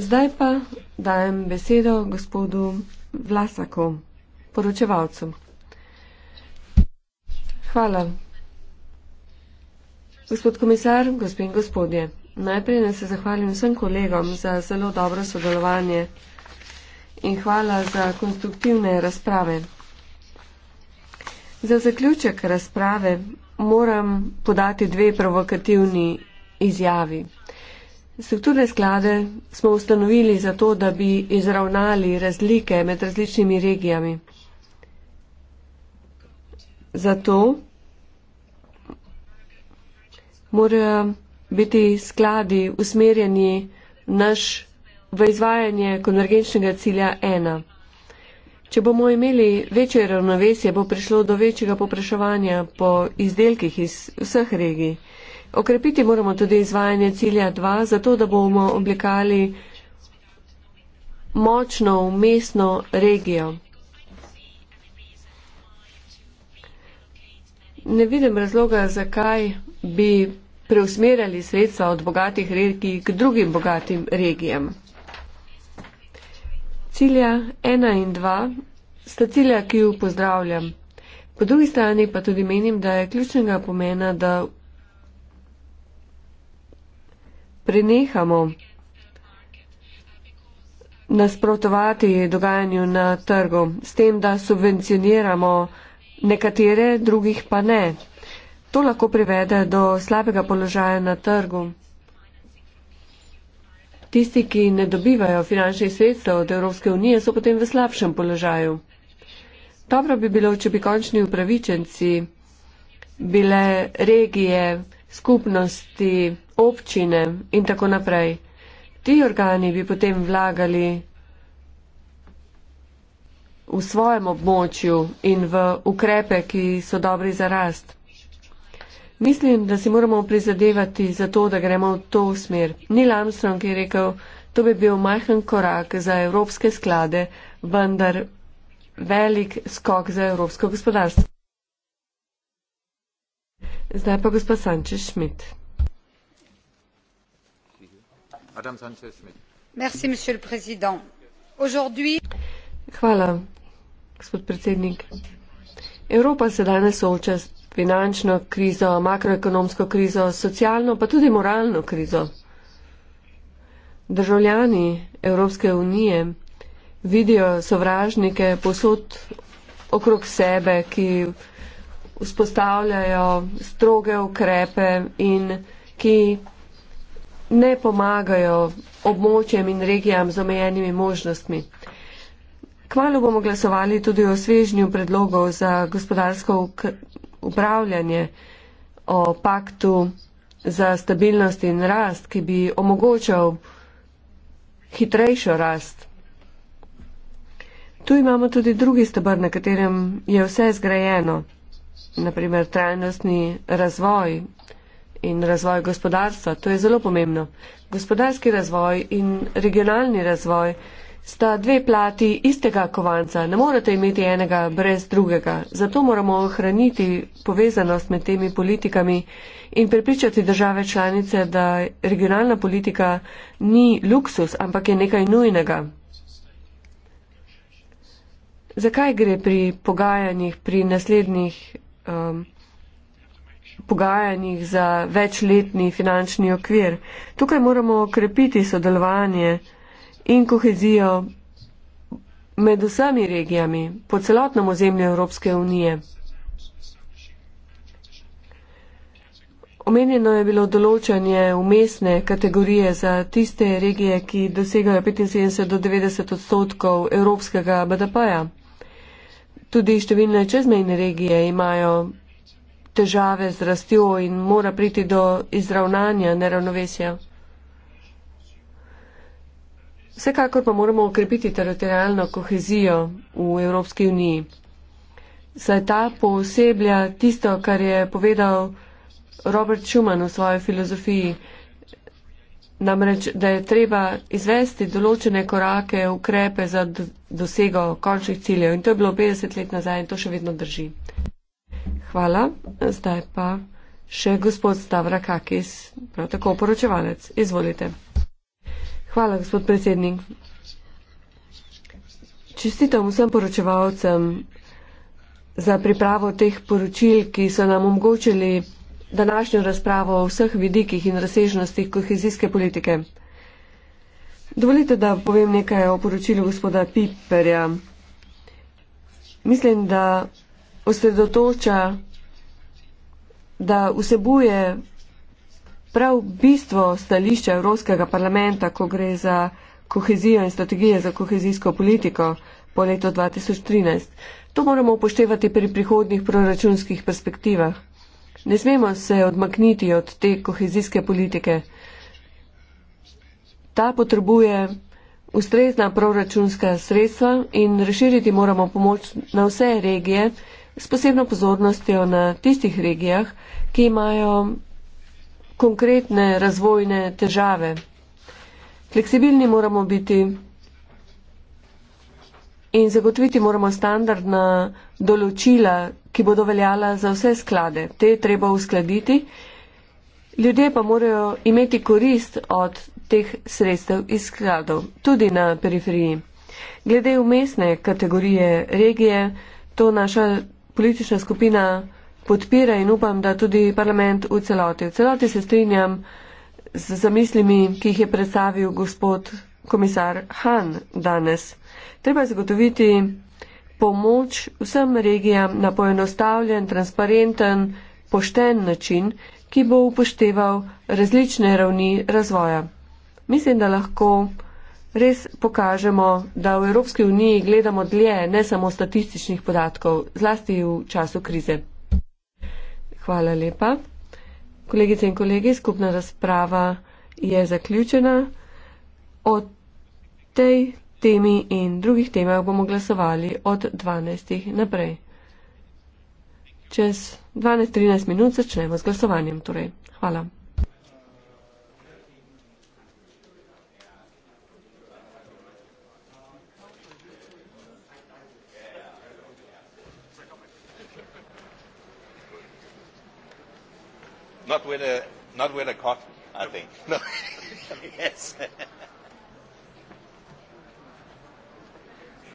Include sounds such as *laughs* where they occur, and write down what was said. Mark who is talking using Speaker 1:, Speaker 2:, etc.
Speaker 1: Zdaj pa dajem besedo gospodu Vlasaku, poročevalcu. Hvala. Gospod komisar, gospe in gospodje, najprej naj se zahvalim vsem kolegom za zelo dobro sodelovanje in hvala za konstruktivne razprave. Za zaključek razprave moram podati dve provokativni izjavi. Strukturne sklade smo ustanovili zato, da bi izravnali razlike med različnimi regijami. Zato morajo biti skladi usmerjeni naš v izvajanje konvergenčnega cilja ena. Če bomo imeli večje ravnovesje, bo prišlo do večjega popraševanja po izdelkih iz vseh regij. Okrepiti moramo tudi izvajanje cilja 2, zato da bomo oblikali močno umestno regijo. Ne vidim razloga, zakaj bi preusmerjali sredstva od bogatih regij k drugim bogatim regijam. Cilja 1 in 2 sta cilja, ki jo pozdravljam. Po drugi strani pa tudi menim, da je ključnega pomena, da prenehamo nasprotovati dogajanju na trgu s tem, da subvencioniramo nekatere, drugih pa ne. To lahko privede do slabega položaja na trgu. Tisti, ki ne dobivajo finančnih sredstev od Evropske unije, so potem v slabšem položaju. Dobro bi bilo, če bi končni upravičenci bile regije, skupnosti, občine in tako naprej. Ti organi bi potem vlagali v svojem območju in v ukrepe, ki so dobri za rast. Mislim, da si moramo prizadevati za to, da gremo v to smer. Neil Armstrong je rekel, to bi bil majhen korak za evropske sklade, vendar velik skok za evropsko gospodarstvo. Zdaj pa gospod Sančeš Šmit. Hvala, gospod predsednik. Evropa se danes sooča s finančno krizo, makroekonomsko krizo, socialno pa tudi moralno krizo. Državljani Evropske unije vidijo sovražnike posod okrog sebe, ki vzpostavljajo stroge ukrepe in ki ne pomagajo območjem in regijam z omejenimi možnostmi. Kmalo bomo glasovali tudi o svežnju predlogov za gospodarsko upravljanje, o paktu za stabilnost in rast, ki bi omogočal hitrejšo rast. Tu imamo tudi drugi stebr, na katerem je vse zgrajeno naprimer trajnostni razvoj in razvoj gospodarstva. To je zelo pomembno. Gospodarski razvoj in regionalni razvoj sta dve plati istega kovanca. Ne morete imeti enega brez drugega. Zato moramo ohraniti povezanost med temi politikami in prepričati države članice, da regionalna politika ni luksus, ampak je nekaj nujnega. Zakaj gre pri pogajanjih, pri naslednjih um, pogajanjih za večletni finančni okvir. Tukaj moramo okrepiti sodelovanje in kohezijo med vsemi regijami po celotnem ozemlju Evropske unije. Omenjeno je bilo določanje umestne kategorije za tiste regije, ki dosegajo 75 do 90 odstotkov evropskega BDP-ja. Tudi številne čezmejne regije imajo težave z rastjo in mora priti do izravnanja neravnovesja. Vsekakor pa moramo okrepiti teritorijalno kohezijo v Evropski uniji. Saj ta pooseblja tisto, kar je povedal Robert Schuman v svoji filozofiji, namreč, da je treba izvesti določene korake, ukrepe za dosego končnih ciljev. In to je bilo 50 let nazaj in to še vedno drži. Hvala. Zdaj pa še gospod Stavra Kakis, prav tako poročevalec. Izvolite. Hvala, gospod predsednik. Čestitam vsem poročevalcem za pripravo teh poročil, ki so nam omogočili današnjo razpravo o vseh vidikih in razsežnostih kohezijske politike. Dovolite, da povem nekaj o poročilu gospoda Piperja. Mislim, da osredotoča, da vsebuje prav bistvo stališča Evropskega parlamenta, ko gre za kohezijo in strategije za kohezijsko politiko po letu 2013. To moramo upoštevati pri prihodnih proračunskih perspektivah. Ne smemo se odmakniti od te kohezijske politike. Ta potrebuje ustrezna proračunska sredstva in razširiti moramo pomoč na vse regije s posebno pozornostjo na tistih regijah, ki imajo konkretne razvojne težave. Fleksibilni moramo biti in zagotoviti moramo standardna določila, ki bodo veljala za vse sklade. Te treba uskladiti. Ljudje pa morajo imeti korist od teh sredstev iz skladov, tudi na periferiji. Glede umestne kategorije regije, to naša politična skupina podpira in upam, da tudi parlament v celoti. V celoti se strinjam z zamislimi, ki jih je predstavil gospod komisar Han danes. Treba zagotoviti pomoč vsem regijam na poenostavljen, transparenten, pošten način, ki bo upošteval različne ravni razvoja. Mislim, da lahko res pokažemo, da v Evropski uniji gledamo dlje, ne samo statističnih podatkov, zlasti v času krize. Hvala lepa. Kolegice in kolegi, skupna razprava je zaključena. Od tej temi in drugih temah bomo glasovali od 12. naprej. Čez 12-13 minut začnemo z glasovanjem. Torej. Hvala. Not with a not with a cotton, I think. No. *laughs* yes. *laughs*